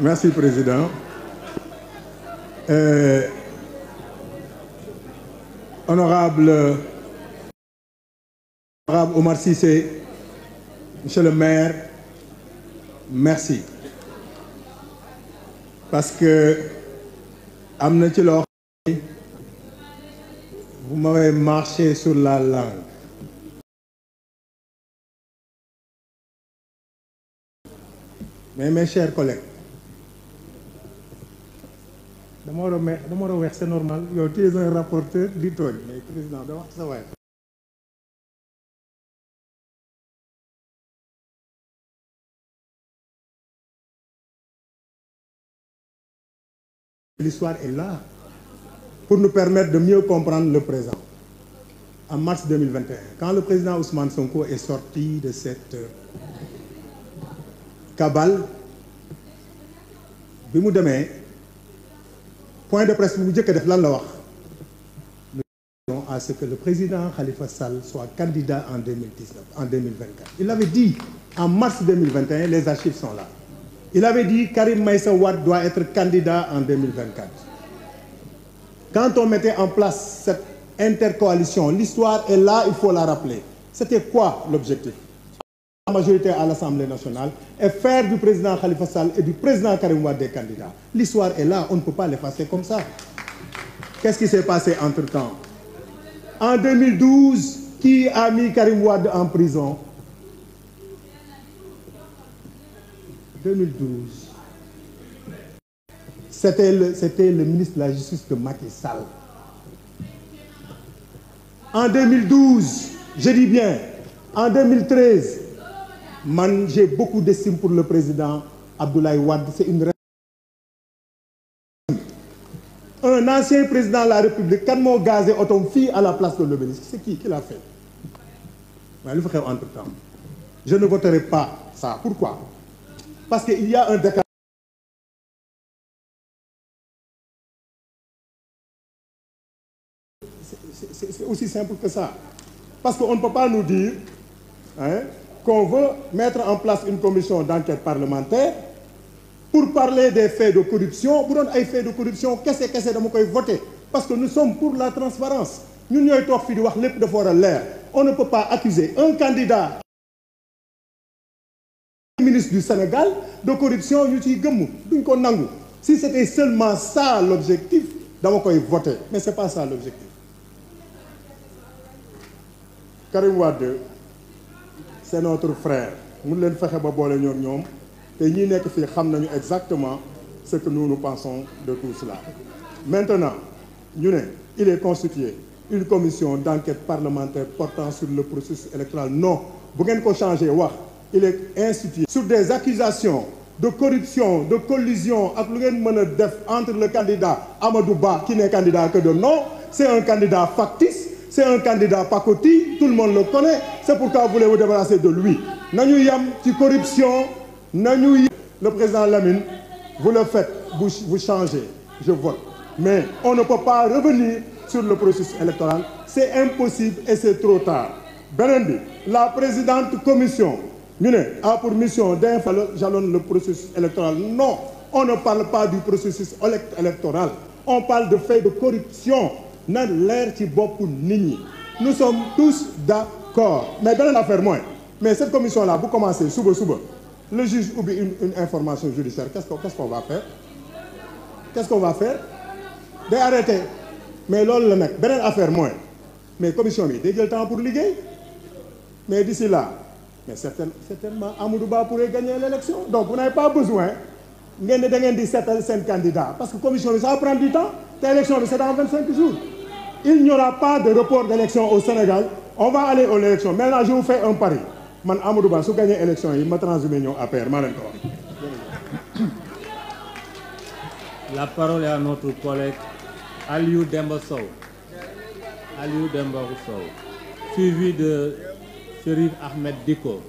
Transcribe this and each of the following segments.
Merci, Président. Euh, honorable, honorable Omar Sissé, Monsieur le maire, merci. Parce que, vous m'avez marché sur la langue. Mais mes chers collègues, c'est normal un rapporteur L'histoire est là pour nous permettre de mieux comprendre le présent. En mars 2021, quand le président Ousmane Sonko est sorti de cette euh, cabale, demain point de presse vous mu que à ce que le président Khalifa Sall soit candidat en 2019 en 2024 il avait dit en mars 2021 les archives sont là il avait dit Karim Maïsan Wade doit être candidat en 2024 quand on mettait en place cette intercoalition l'histoire est là il faut la rappeler c'était quoi l'objectif majorité à l'Assemblée nationale et faire du président Khalifa Sall et du président Karim Wade des candidats. L'histoire est là, on ne peut pas l'effacer comme ça. Qu'est-ce qui s'est passé entre-temps En 2012, qui a mis Karim Ouad en prison 2012. C'était le, le ministre de la Justice de Macky Sall. En 2012, je dis bien, en 2013, j'ai beaucoup d'estime pour le président Abdoulaye Wade c'est une un ancien président de la République kan gaz gazé à la place de l'Obélisque c'est qui qui l'a fait entre temps je ne voterai pas ça pourquoi parce qu'il y a un décalage c'est aussi simple que ça parce qu'on ne peut pas nous dire hein, qu'on veut mettre en place une commission d'enquête parlementaire pour parler des faits de corruption Pour donner des faits de corruption qu'est-ce c'est que je vais voter parce que nous sommes pour la transparence Nous on ne peut pas accuser un candidat ministre du Sénégal de corruption si c'était seulement ça l'objectif dama koy voter mais n'est pas ça l'objectif Karim Wade c'est notre frère nous l'avons nous et nous exactement ce que nous nous pensons de tout cela maintenant il est constitué une commission d'enquête parlementaire portant sur le processus électoral non Vous ngeen changer. il est institué sur des accusations de corruption de collusion entre le candidat Amadou Ba qui n'est candidat que de non, c'est un candidat factice c'est un candidat pacotille, tout le monde le connaît, c'est pourquoi vous voulez vous débarrasser de lui. Nous yam, une corruption, le président Lamine, vous le faites, vous, changez, je vote. Mais on ne peut pas revenir sur le processus électoral, c'est impossible et c'est trop tard. Benendi, la présidente commission, a ah, pour mission d'infallo le processus électoral. Non, on ne parle pas du processus électoral, on parle de faits de corruption nous sommes tous d'accord mais beneen affaire moins. mais cette commission là vous commencez, soube, soube. le juge oublie une information judiciaire qu'est-ce qu'on va faire qu'est-ce qu'on va faire D'arrêter. mais loolu la nag beneen affaire moins. mais commission bi day jël temps pour l'élection mais d'ici là mais certainement Amadou pourrait gagner l'élection donc vous n'avez pas besoin vous gagner 17 à di candidats. parce que la commission ça va prendre du temps L'élection, élection c'est dans 25 jours il n'y aura pas de report d'élection au Sénégal on va aller aux élections maintenant je vous fais un pari man Amadou Ba su gagnez élection il ma transmis ñëw à père. leen La parole est à notre collègue Aliou Demba Aliou Demba suivi de Sherif Ahmed Diko.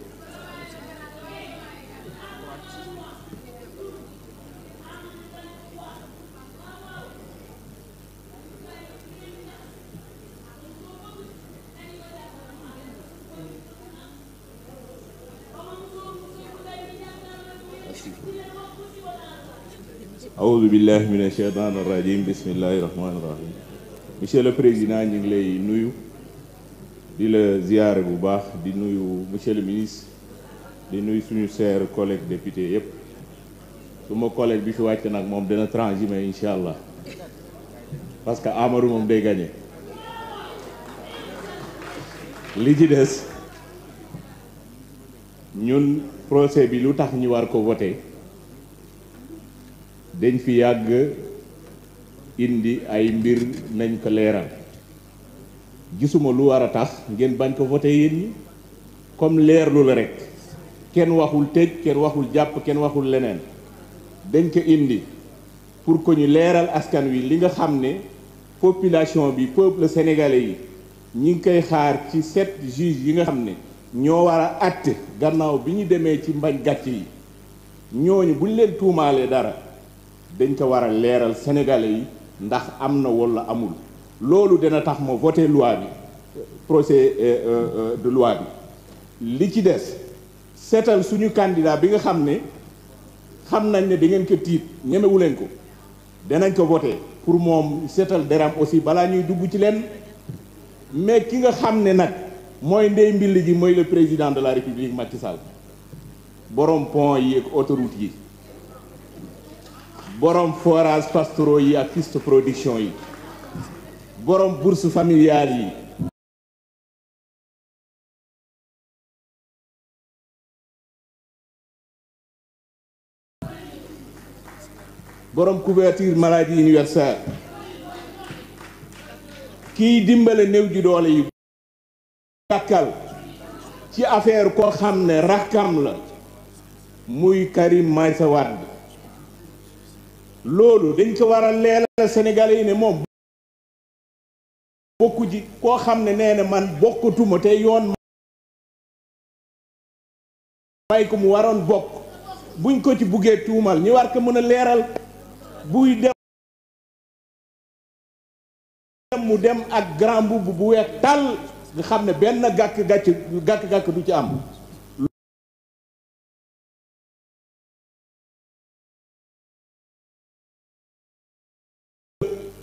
aoudu billahi min asheytan irrajim bismillahi rahmani rahim monsieur le président ñu ngi lay nuyu di la ziyaare bu baax di nuyu monsieur le ministre di nuyu suñu cher collègue député yépp suma collègue bi fi wàcc nag moom dina transhumé incha allah parce que Amadou moom day gagné li ci des ñun procès bi lu tax ñu war ko voté dañ fi yàgg indi ay mbir nañ ko leeral gisuma lu war a tax ngeen bañ ko voté yéen ñi comme leerlu la rek kenn waxul tëj kenn waxul jàpp kenn waxul leneen dañ ko indi pour que ñu leeral askan wi li nga xam ne population bi peuple sénégalais yi ñi ngi koy xaar ci sept juges yi nga xam ne ñoo war a àtte gannaaw bi ñu demee ci mbañ gàcc yi ñooñu buñ leen tuumaalee dara dañ ko war a leeral sénégalais yi ndax am na walla amul loolu dana tax ma voté loi bi procès euh, euh, de loi bi li ci des seetal suñu candidat bi nga xam ne xam nañ ne da ngeen ko tiit ñemewu leen ko danañ ko voté pour moom seetal deram aussi balaa ñuy dugg ci leen mais ki nga xam ne nag mooy ndey mbill gi mooy le président de la république Macky Sall borom pont yi ak autoroute yi borom forage pastoraux yi ak piste production yi borom bourse familiale yi borom couverture maladie universelle kiy dimbale néew ji doole yi ci affaire koo xam ne rakkam la muy Karim Meïssa loolu dañ ko war a leelal Sénégalais yi ne moom bokku ci koo xam ne nee man bokkatuma te yoon may ko mu waroon bokk buñ ko ci buggee tuumal ñu war ko mën a leeral buy dem mu dem ak grand mbubb bu weex tàll nga xam ne benn gàkk gàcc gàkk gàkk du ci am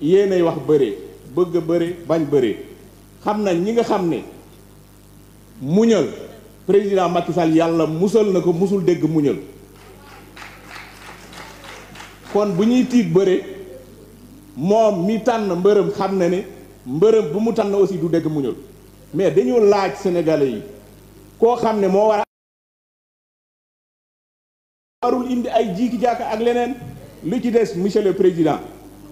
yéenay wax bëre bëgg a bëre bañ bëre xam nañ ñi nga xam ne muñal président Macky yàlla musal na ko musul dégg muñal kon bu ñuy tiit bëre moom mi tànn mbërëm xam na ne mbërëm bu mu tànn aussi du dégg muñal mais dañu laaj sénégalais yi koo xam ne moo war indi ay jiiki jaaka ak leneen li ci des monsieur le président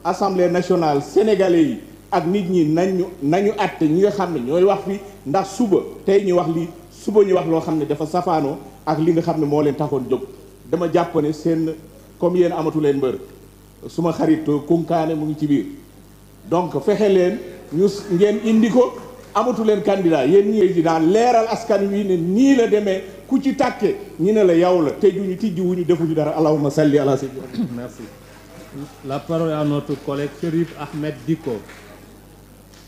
assemblée nationale sénégalais yi ak nit ñi nañu nañu àtte ñi nga xam ne ñooy wax fi ndax suba tey ñu wax li suba ñu wax loo xam ne dafa safaanoo ak li nga xam ne moo leen taxoon jóg dama jàpp seen comme yéen amatu leen mbër suma xarit kunkaane mu ngi ci biir donc fexe leen ñu ngeen indi ko amatu leen candidat yéen ñi président leeral askan wi ne nii la demee ku ci tàkke ñi ne la yow la tëjuñu tijjiwuñu defuñu dara allahumma salli ala sayyidina merci la parole est à notre collègue Sherif Ahmed Diko.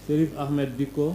Sherif Ahmed Diko.